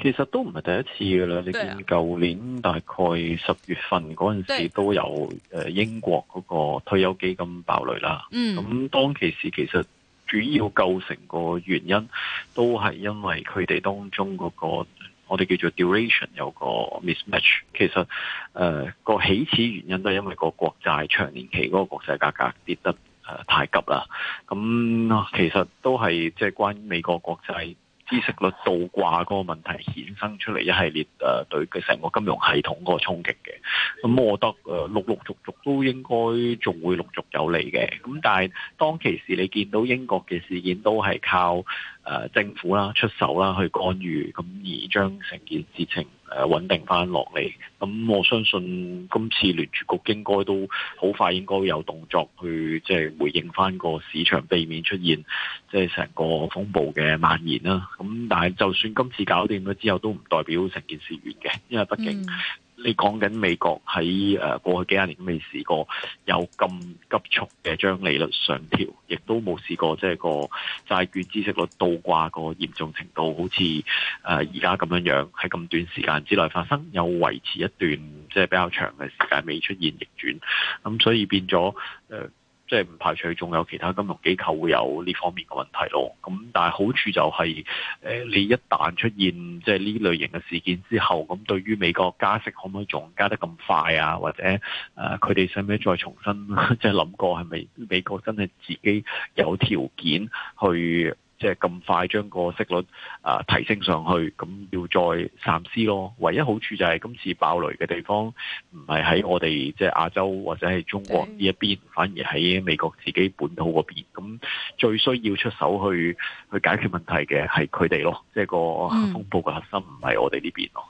其實都唔係第一次噶啦，你見舊年大概十月份嗰陣時都有誒英國嗰個退休基金爆雷啦。咁、嗯、當其時其實主要構成個原因，都係因為佢哋當中嗰、嗰個我哋叫做 duration 有個 mismatch。其實誒個、呃、起始原因都係因為嗰個國債長年期嗰個國債價格跌得誒、呃、太急啦。咁其實都係即係關於美國國債。孳息率倒掛嗰個問題衍生出嚟一系列誒對佢成個金融系統嗰個衝擊嘅，咁我覺得誒陸陸續續都應該仲會陸續有嚟嘅，咁但係當其時你見到英國嘅事件都係靠誒政府啦出手啦去干預，咁而將成件事情。誒穩定翻落嚟，咁我相信今次聯儲局應該都好快應該有動作去即係回應翻個市場，避免出現即係成個風暴嘅蔓延啦。咁但係就算今次搞掂咗之後，都唔代表成件事完嘅，因為畢竟，嗯你講緊美國喺誒過去幾廿年都未試過有咁急速嘅將利率上調，亦都冇試過即係個債券孳息率倒掛個嚴重程度好似誒而家咁樣樣，喺咁短時間之內發生，又維持一段即係比較長嘅時間未出現逆轉，咁、嗯、所以變咗誒。呃即係唔排除仲有其他金融機構會有呢方面嘅問題咯。咁但係好處就係、是，誒、呃、你一旦出現即係呢類型嘅事件之後，咁對於美國加息可唔可以仲加得咁快啊？或者誒佢哋使唔使再重新即係諗過係咪美國真係自己有條件去？即係咁快將個息率啊提升上去，咁要再三思咯。唯一好處就係今次爆雷嘅地方唔係喺我哋即係亞洲或者係中國呢一邊，反而喺美國自己本土嗰邊。咁最需要出手去去解決問題嘅係佢哋咯。即係個風暴嘅核心唔係我哋呢邊咯。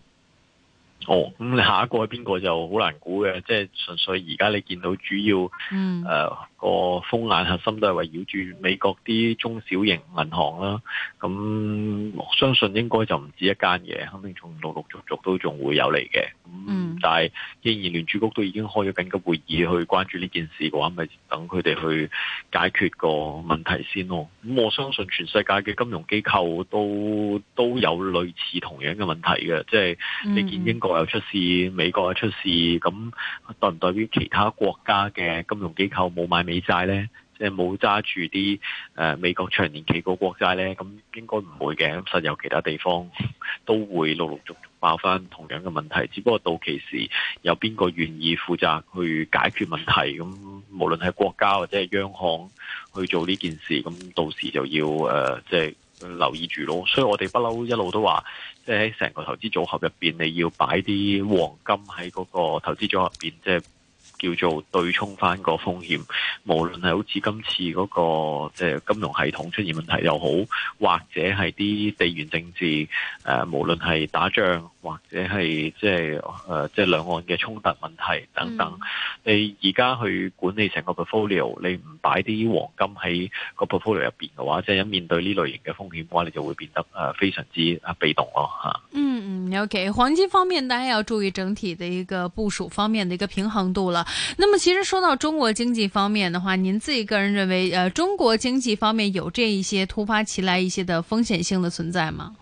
哦、oh，咁你下一個係邊個就好難估嘅，即係純粹而家你見到主要，誒個風眼核心都係圍繞住美國啲中小型銀行啦。咁相信應該就唔止一間嘢，肯定仲陸陸續續都仲會有嚟嘅。咁但係既然聯儲局都已經開咗緊急會議去關注呢件事嘅話，咪等佢哋去解決個問題先咯。咁我相信全世界嘅金融機構都都有類似同樣嘅問題嘅，即係你見英國。又出事，美國又出事，咁代唔代表其他國家嘅金融機構冇買美債呢？即係冇揸住啲誒美國長年期個國債呢？咁應該唔會嘅。咁實有其他地方都會陸陸續續爆翻同樣嘅問題，只不過到期時有邊個願意負責去解決問題？咁無論係國家或者係央行去做呢件事，咁到時就要誒，即、呃、係。就是留意住咯，所以我哋不嬲一路都話，即係喺成個投資組合入邊，你要擺啲黃金喺嗰個投資組合入邊，即係。叫做對沖翻個風險，無論係好似今次嗰、那個即係、呃、金融系統出現問題又好，或者係啲地緣政治誒、呃，無論係打仗或者係即係誒即係兩岸嘅衝突問題等等，嗯、你而家去管理成個 portfolio，你唔擺啲黃金喺個 portfolio 入邊嘅話，即、就、係、是、面對呢類型嘅風險嘅話，你就會變得誒、呃、非常之啊被動咯嚇。嗯嗯，OK，黃金方面，大家要注意整體嘅一個部署方面嘅一個平衡度啦。那麼，其實說到中國經濟方面的話，您自己個人認為，呃，中國經濟方面有這一些突發其來一些的風險性的存在嗎？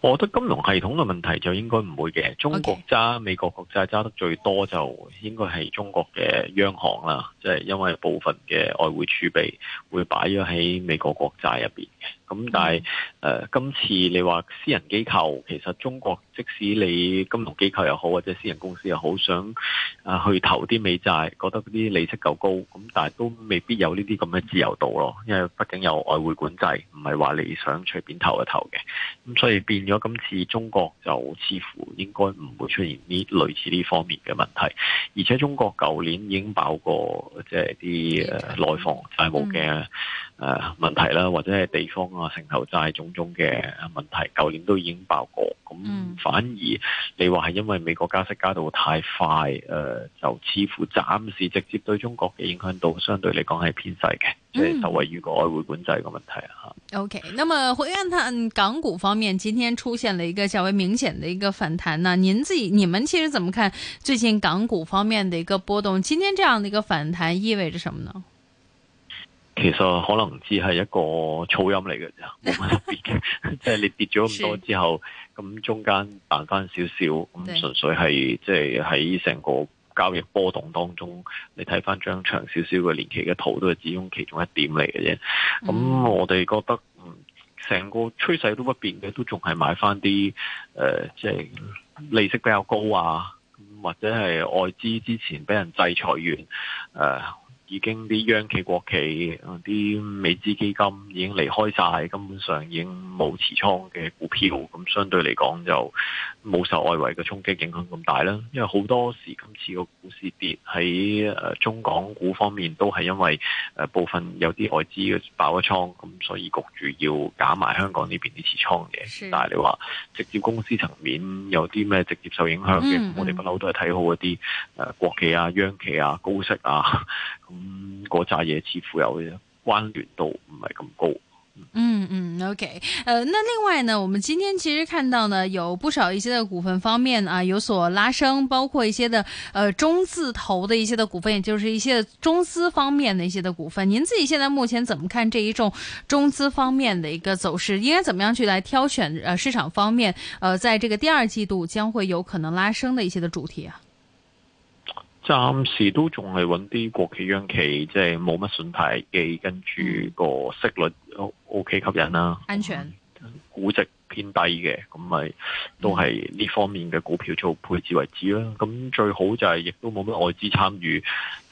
我覺得金融系統嘅問題就應該唔會嘅。中國揸美國國債揸得最多，就應該係中國嘅央行啦，即係因為部分嘅外匯儲備會擺咗喺美國國債入邊。咁、嗯、但係，誒、呃，今次你話私人機構，其實中國即使你金融機構又好，或者私人公司又好，想誒去投啲美債，覺得啲利息夠高，咁但係都未必有呢啲咁嘅自由度咯，因為畢竟有外匯管制，唔係話你想隨便投一投嘅。咁所以變咗今次中國就似乎應該唔會出現呢類似呢方面嘅問題，而且中國舊年已經爆過即係啲內房債務嘅誒問、嗯、呃、問題啦，或者係地方，方啊，城投債種種嘅問題，舊年都已經爆過，咁反而你話係因為美國加息加到太快，誒、嗯呃，就似乎暫時直接對中國嘅影響度相對嚟講係偏細嘅，嗯，即係受惠於個外匯管制嘅問題啊。OK，那麼啊，回探討港股方面，今天出現了一個較為明顯的一個反彈呢？啊，您自己，你們其實怎麼看最近港股方面的一個波動？今天這樣的一個反彈意味着什麼呢？其實可能只係一個噪音嚟嘅啫，冇乜特別嘅，即係 你跌咗咁多之後，咁中間彈翻少少，咁純粹係即係喺成個交易波動當中，你睇翻張長少少嘅年期嘅圖，都係其中其中一點嚟嘅啫。咁、嗯、我哋覺得，嗯，成個趨勢都不變嘅，都仲係買翻啲，誒、呃，即、就、係、是、利息比較高啊，或者係外資之前俾人制裁完，誒、呃。已經啲央企、國企、啲美資基金已經離開晒，根本上已經冇持倉嘅股票，咁相對嚟講就冇受外圍嘅衝擊影響咁大啦。因為好多時今次個股市跌喺誒中港股方面都係因為、呃、部分有啲外資爆咗倉，咁所以焗住要減埋香港呢邊啲持倉嘅。但係你話直接公司層面有啲咩直接受影響嘅，嗯嗯、我哋不嬲都係睇好嗰啲誒國企啊、央企啊、高息啊。嗯嗯，嗰扎嘢似乎有關聯度唔係咁高。嗯嗯，OK，呃，那另外呢，我們今天其實看到呢，有不少一些的股份方面啊，有所拉升，包括一些的，呃中字頭的一些的股份，也就是一些中資方面的一些的股份。您自己現在目前怎麼看這一種中資方面的一個走勢？應該怎麼樣去來挑選？呃，市場方面，呃，在這個第二季度將會有可能拉升的一些的主題啊？暫時都仲係揾啲國企央企，即係冇乜信貸嘅，跟住個息率 OK 吸引啦。安全、嗯，估值偏低嘅，咁咪都係呢方面嘅股票做配置為主啦。咁最好就係亦都冇乜外資參與。誒、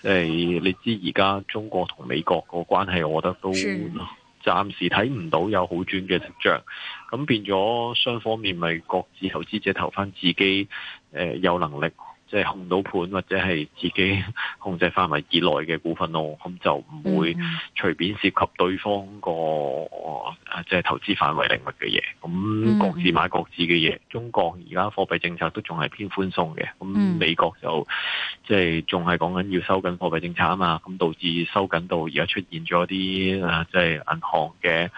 呃，你知而家中國同美國個關係，我覺得都暫時睇唔到有好轉嘅跡象。咁變咗雙方面咪各自投資者投翻自己誒、呃，有能力。即、就、係、是、控到盤，或者係自己控制範圍以內嘅股份咯，咁就唔會隨便涉及對方個即係、嗯啊就是、投資範圍領域嘅嘢。咁各自買各自嘅嘢，嗯。中國而家貨幣政策都仲係偏寬鬆嘅，咁美國就即係仲係講緊要收緊貨幣政策啊嘛，咁導致收緊到而家出現咗啲即係銀行嘅。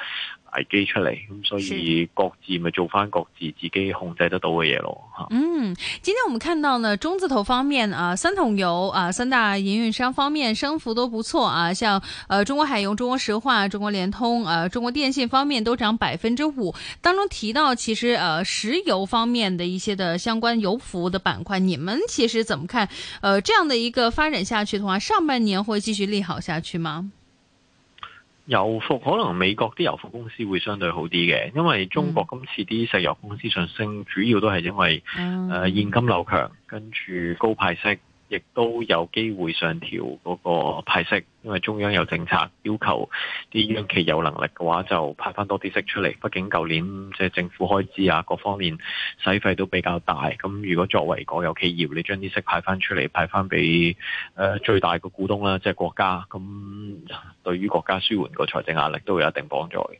危機出嚟，所以各自咪做翻各自自己控制得到嘅嘢咯吓。嗯，今天我們看到呢中字頭方面啊，三桶油啊，三大營運商方面升幅都不錯啊，像呃中國海油、中國石化、中國聯通啊、中國電信方面都漲百分之五。當中提到其實呃石油方面的一些的相關油服的板塊，你們其實怎麼看？呃，這樣的一個發展下去的話，上半年會繼續利好下去嗎？油服可能美國啲油服公司會相對好啲嘅，因為中國今次啲石油公司上升，主要都係因為誒現金流強，跟住高派息。亦都有機會上調嗰個派息，因為中央有政策要求啲央企有能力嘅話，就派翻多啲息出嚟。畢竟舊年即係政府開支啊，各方面使費都比較大。咁如果作為國有企業，你將啲息派翻出嚟，派翻俾、呃、最大嘅股東啦，即係國家。咁對於國家舒緩個財政壓力都會有一定幫助嘅。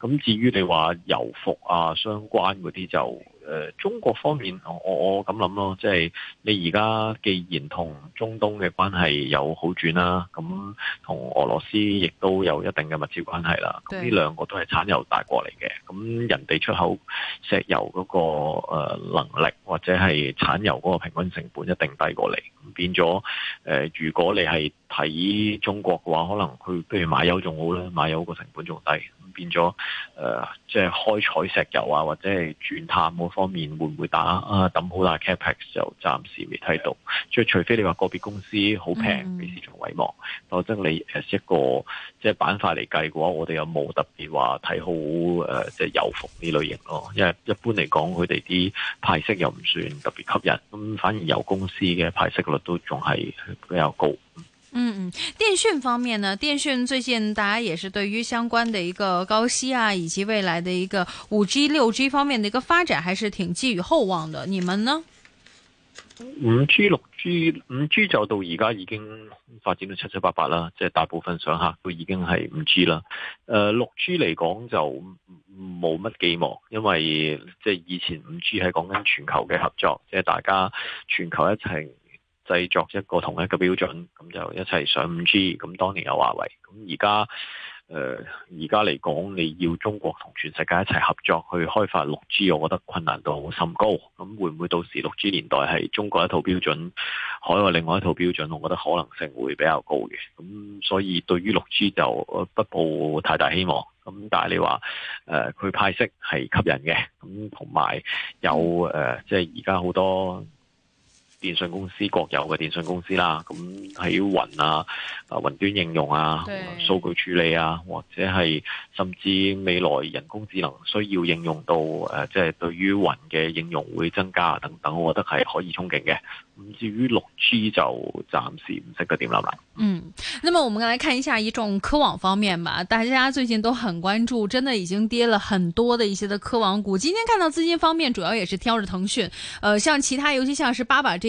咁至於你話油服啊，相關嗰啲就。誒、呃，中國方面，我我我咁諗咯，即係你而家既然同中東嘅關係有好轉啦，咁同俄羅斯亦都有一定嘅密切關係啦。呢兩個都係產油大國嚟嘅，咁人哋出口石油嗰個誒能力或者係產油嗰個平均成本一定低過嚟，變咗誒、呃，如果你係睇中國嘅話，可能佢不如買油仲好啦，買油個成本仲低。變咗，誒、呃，即係開採石油啊，或者係轉探嗰方面，會唔會打啊？抌好大、啊、capex 就暫時未睇到，即係除非你話個別公司好平，俾市場遺忘。否則你誒、這、一個即係板塊嚟計嘅話，我哋又冇特別話睇好誒、呃，即係油服呢類型咯。因為一般嚟講，佢哋啲派息又唔算特別吸引，咁反而油公司嘅派息率都仲係比較高。嗯嗯，電訊方面呢？電訊最近大家也是對於相關的一個高息啊，以及未來的一個五 G、六 G 方面的一個發展，還是挺寄予厚望的。你們呢？五 G、六 G，五 G 就到而家已經發展到七七八八啦，即係大部分上客都已經係五 G 啦。誒、呃，六 G 嚟講就冇乜寄望，因為即係以前五 G 係講緊全球嘅合作，即係大家全球一齊。製作一個同一個標準，咁就一齊上五 G。咁當年有華為，咁而家，誒、呃，而家嚟講，你要中國同全世界一齊合作去開發六 G，我覺得困難度甚高。咁會唔會到時六 G 年代係中國一套標準，海外另外一套標準？我覺得可能性會比較高嘅。咁所以對於六 G 就不抱太大希望。咁但係你話，誒、呃，佢派息係吸引嘅，咁同埋有誒，即係而家好多。.電信公司，國有嘅電信公司啦，咁喺雲啊，啊雲端應用啊，數據處理啊，或者係甚至未來人工智能需要應用到誒，即係對於雲嘅應用會增加等等，我覺得係可以憧憬嘅。咁至於六 G 就暫時唔識佢點諗啦。嗯，那麼我們來看一下一眾科網方面吧。大家最近都很關注，真的已經跌了很多的一些的科網股。今天看到資金方面，主要也是挑着騰訊。呃，像其他，尤其像是八佰這。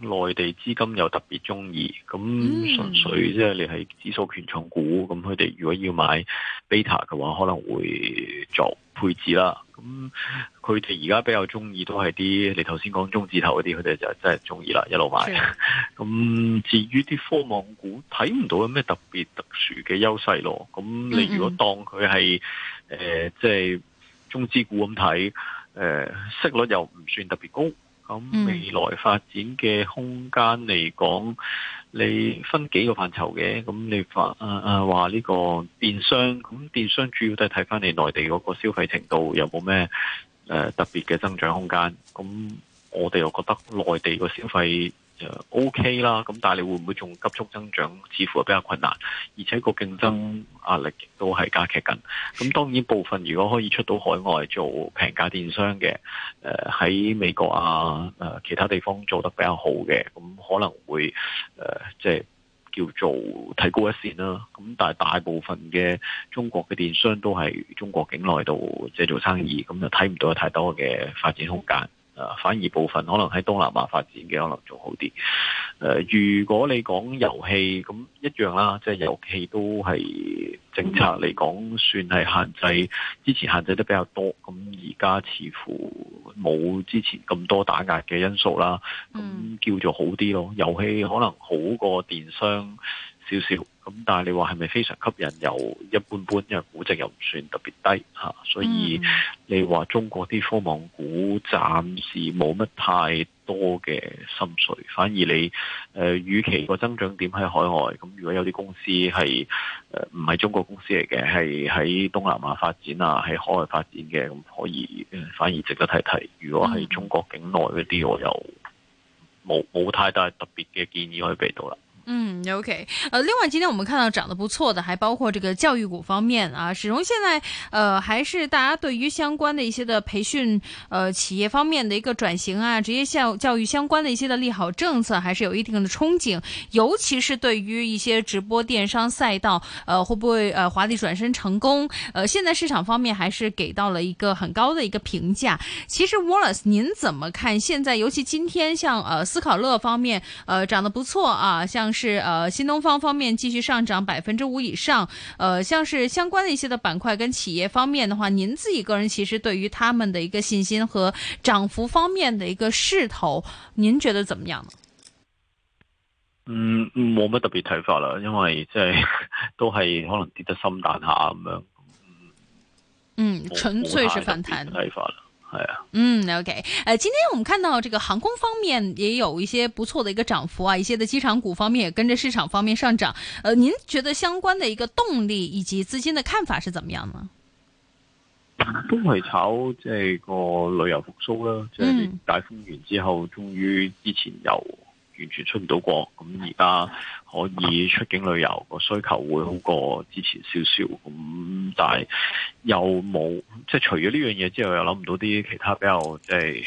內地資金又特別中意，咁純粹即係你係指數權重股，咁佢哋如果要買 beta 嘅話，可能會作配置啦。咁佢哋而家比較中意都係啲你頭先講中字頭嗰啲，佢哋就真係中意啦，一路買。咁至於啲科網股睇唔到有咩特別特殊嘅優勢咯。咁你如果當佢係誒即係中資股咁睇，誒、呃、息率又唔算特別高。咁、嗯、未來發展嘅空間嚟講，你分幾個範疇嘅？咁你話啊啊話呢個電商，咁電商主要都係睇返你內地嗰個消費程度，有冇咩誒特別嘅增長空間？咁我哋又覺得內地個消費。就 OK 啦，咁但係你會唔會仲急速增長？似乎係比較困難，而且個競爭壓力亦都係加劇緊。咁當然部分如果可以出到海外做平價電商嘅，誒喺美國啊誒其他地方做得比較好嘅，咁可能會誒即係叫做提高一線啦、啊。咁但係大部分嘅中國嘅電商都係中國境內度即係做生意，咁就睇唔到有太多嘅發展空間。啊，反而部分可能喺東南亞發展嘅可能仲好啲。誒、呃，如果你講遊戲咁一樣啦，即係遊戲都係政策嚟講，算係限制，之前限制得比較多，咁而家似乎冇之前咁多打壓嘅因素啦，咁叫做好啲咯。遊戲可能好過電商少少。咁但係你話係咪非常吸引又一般般，因為估值又唔算特別低吓，所以你話中國啲科網股暫時冇乜太多嘅心水，反而你誒，與其個增長點喺海外。咁如果有啲公司係誒唔係中國公司嚟嘅，係喺東南亞發展啊，喺海外發展嘅，咁可以反而值得睇睇。如果係中國境內嗰啲，我又冇冇太大特別嘅建議可以俾到啦。嗯，OK，呃，另外今天我們看到漲得不錯的，還包括這個教育股方面啊。始終現在呃，還是大家對於相關的一些的培訓呃企業方面的一個轉型啊，職業教教育相關的一些的利好政策，還是有一定的憧憬。尤其是對於一些直播電商賽道，呃，會不會呃華麗轉身成功？呃，現在市場方面還是給到了一個很高的一個評價。其實 Wallace，您怎麼看？現在尤其今天像呃思考樂方面呃漲得不錯啊，像。是呃、啊，新東方方面繼續上漲百分之五以上，呃，像是相關的一些的板塊跟企業方面的話，您自己個人其實對於他們的一個信心和漲幅方面的一個勢頭，您覺得怎麼樣呢？嗯，冇乜特別睇法啦，因為即、就、係、是、都係可能跌得心淡下咁樣。嗯，嗯，純粹是反彈。係啊，嗯，OK，誒、呃，今天我們看到這個航空方面也有一些不錯的一個漲幅啊，一些的機場股方面也跟着市場方面上漲，呃，您覺得相關的一個動力以及資金的看法是怎麼樣呢？都係炒即係個旅遊復蘇啦，即係大封完之後，終於之前又完全出唔到國，咁而家。可以出境旅遊個需求會好過之前少少咁，嗯，但係又冇即係除咗呢樣嘢之外，又諗唔到啲其他比較即係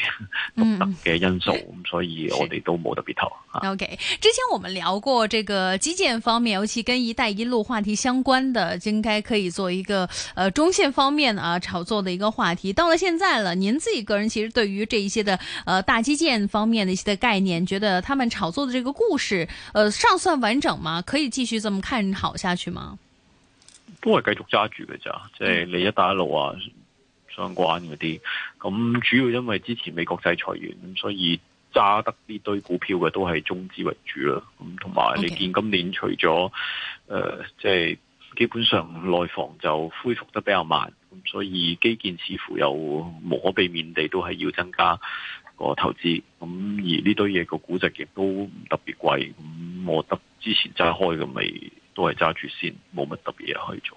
獨特嘅因素咁，所以我哋都冇特別投。OK，之前我們聊過這個基建方面，尤其跟一帶一路話題相關的，應該可以做一個，呃，中線方面啊炒作的一個話題。到了現在了，您自己個人其實對於這一些的，呃，大基建方面的一些的概念，覺得他們炒作的這個故事，呃，尚算完。完整嗎？可以繼續這麼看好下去嗎？都係繼續揸住嘅咋，即係你一帶一路啊，相關嗰啲。咁主要因為之前美國制裁員，咁所以揸得呢堆股票嘅都係中資為主啦。咁同埋你見今年除咗，誒、okay. 呃，即係基本上內房就恢復得比較慢，咁所以基建似乎又無可避免地都係要增加。個投資咁，而呢堆嘢，個估值，亦都唔特別貴，咁我覺得之前揸開嘅咪都係揸住先，冇乜特別嘢可以做。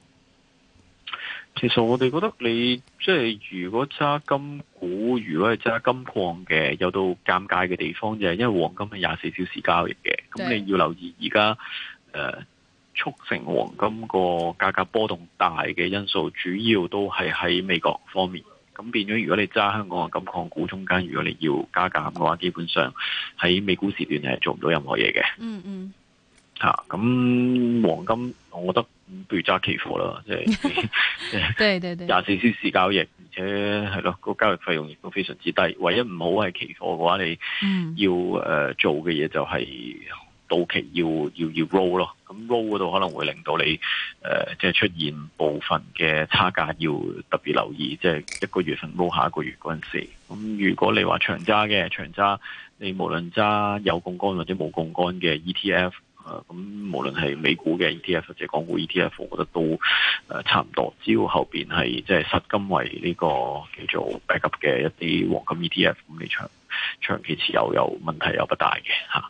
其實我哋覺得你即係如果揸金股，如果係揸金礦嘅，有到尷尬嘅地方就係因為黃金係廿四小時交易嘅，咁你要留意而家誒促成黃金個價格波動大嘅因素，主要都係喺美國方面。咁變咗，如果你揸香港嘅金礦股中間，如果你要加減嘅話，基本上喺美股時段係做唔到任何嘢嘅。嗯嗯。吓、啊，咁黃金，我覺得。不如揸期貨啦，即係，即係， 對對對，廿四小時交易，而且係咯，個交易費用亦都非常之低。唯一唔好係期貨嘅話，你要誒、嗯呃、做嘅嘢就係到期要要要 roll 咯。咁 roll 嗰度可能會令到你誒、呃、即係出現部分嘅差價，要特別留意。即係一個月份 roll 下一個月嗰陣時。咁如果你話長揸嘅長揸，你無論揸有槓桿或者冇槓桿嘅 ETF。咁無論係美股嘅 ETF 或者港股 ETF，我覺得都誒差唔多，只要後邊係即係實金為呢、這個叫做 back up 嘅一啲黃金 ETF 咁，你長長期持有有問題又不大嘅吓。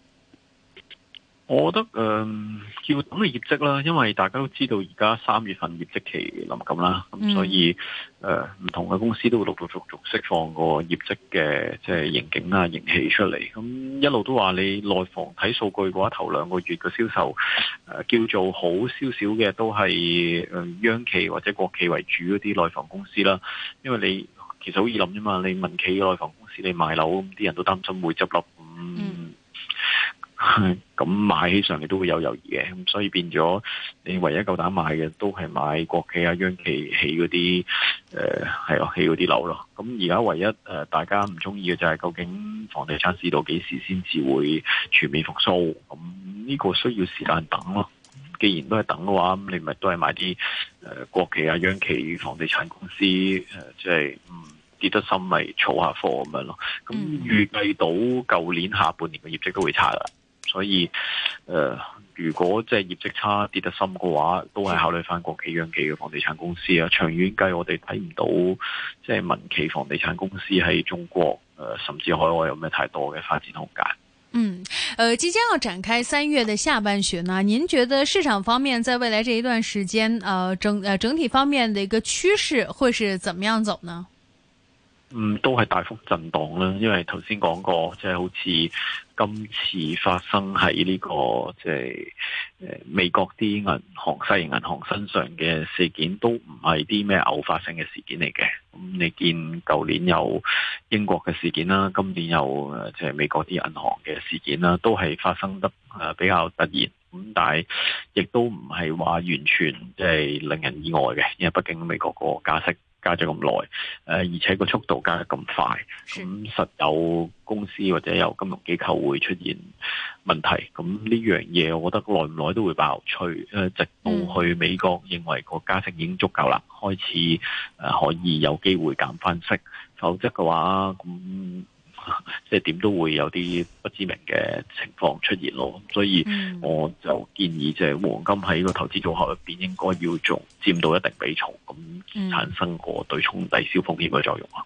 我覺得誒、嗯，叫等嘅業績啦，因為大家都知道而家三月份業績期臨近啦，咁、嗯、所以誒，唔、呃、同嘅公司都會陸陸續續釋放個業績嘅即係盈警啊、盈喜出嚟，咁、嗯、一路都話你內房睇數據嘅話，頭兩個月嘅銷售誒、呃、叫做好少少嘅，都係誒央企或者國企為主嗰啲內房公司啦，因為你其實好易諗啫嘛，你民企內房公司你賣樓，啲人都擔心會執笠。嗯。嗯咁、嗯、買起上嚟都會有猶豫嘅，咁所以變咗你唯一夠膽買嘅都係買國企啊、央企起嗰啲誒，係咯起嗰啲樓咯。咁而家唯一誒大家唔中意嘅就係究竟房地產市道幾時先至會全面復蘇？咁呢個需要時間等咯、啊。既然都係等嘅話，咁你咪都係買啲誒國企啊、央企房地產公司誒，即、就、係、是嗯、跌得深咪儲下貨咁樣咯。咁預計到舊年下半年嘅業績都會差啦。所以，誒、呃，如果即係業績差，跌得深嘅話，都係考慮翻國企央企嘅房地產公司啊。長遠計，我哋睇唔到即係民企房地產公司喺中國誒、呃，甚至海外有咩太多嘅發展空間。嗯，呃，即將要展開三月嘅下半旬呢，您覺得市場方面在未來這一段時間，呃，整，呃，整體方面的一個趨勢會是怎麼樣走呢？嗯，都係大幅震盪啦，因為頭先講過，即、就、係、是、好似今次發生喺呢、這個即係誒美國啲銀行、大型銀行身上嘅事件，都唔係啲咩偶發性嘅事件嚟嘅。咁你見舊年有英國嘅事件啦，今年有即係美國啲銀行嘅事件啦，都係發生得誒比較突然。咁但係亦都唔係話完全即係令人意外嘅，因為畢竟美國個加息。加咗咁耐，誒，而且個速度加得咁快，咁實有公司或者有金融機構會出現問題。咁呢樣嘢，我覺得耐唔耐都會爆，吹。誒，直到去美國認為個加息已經足夠啦，開始誒可以有機會減返息，否則嘅話咁。 即係點都會有啲不知名嘅情況出現咯，所以我就建議即係黃金喺呢個投資組合入邊應該要做佔到一定比重，咁產生個對沖抵消風險嘅作用啊。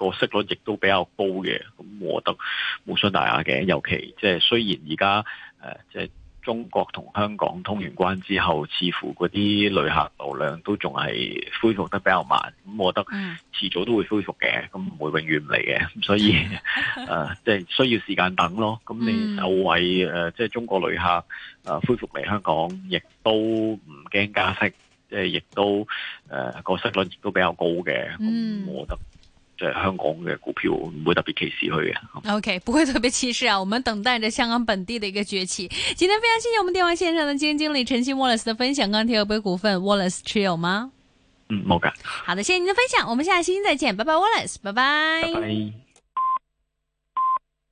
個息率亦都比較高嘅，咁我覺得無傷大雅嘅。尤其即係雖然而家誒即係中國同香港通完關之後，似乎嗰啲旅客流量都仲係恢復得比較慢。咁我覺得遲早都會恢復嘅，咁唔會永遠唔嚟嘅。咁所以誒，即、呃、係、就是、需要時間等咯。咁你就為誒即係中國旅客誒、呃、恢復嚟香港，亦都唔驚加息，即係亦都誒個、呃、息率亦都比較高嘅。咁我覺得。香港嘅股票唔會特別歧視佢嘅。OK，不會特別歧視啊！我們等待着香港本地的一個崛起。今天非常謝謝我們電話線上的基金經理陳昕 Wallace 的分享。剛剛提到杯股份 Wallace 持有嗎？嗯，冇㗎。好的，謝謝您的分享。我們下星期再見，拜拜，Wallace，拜拜。Bye bye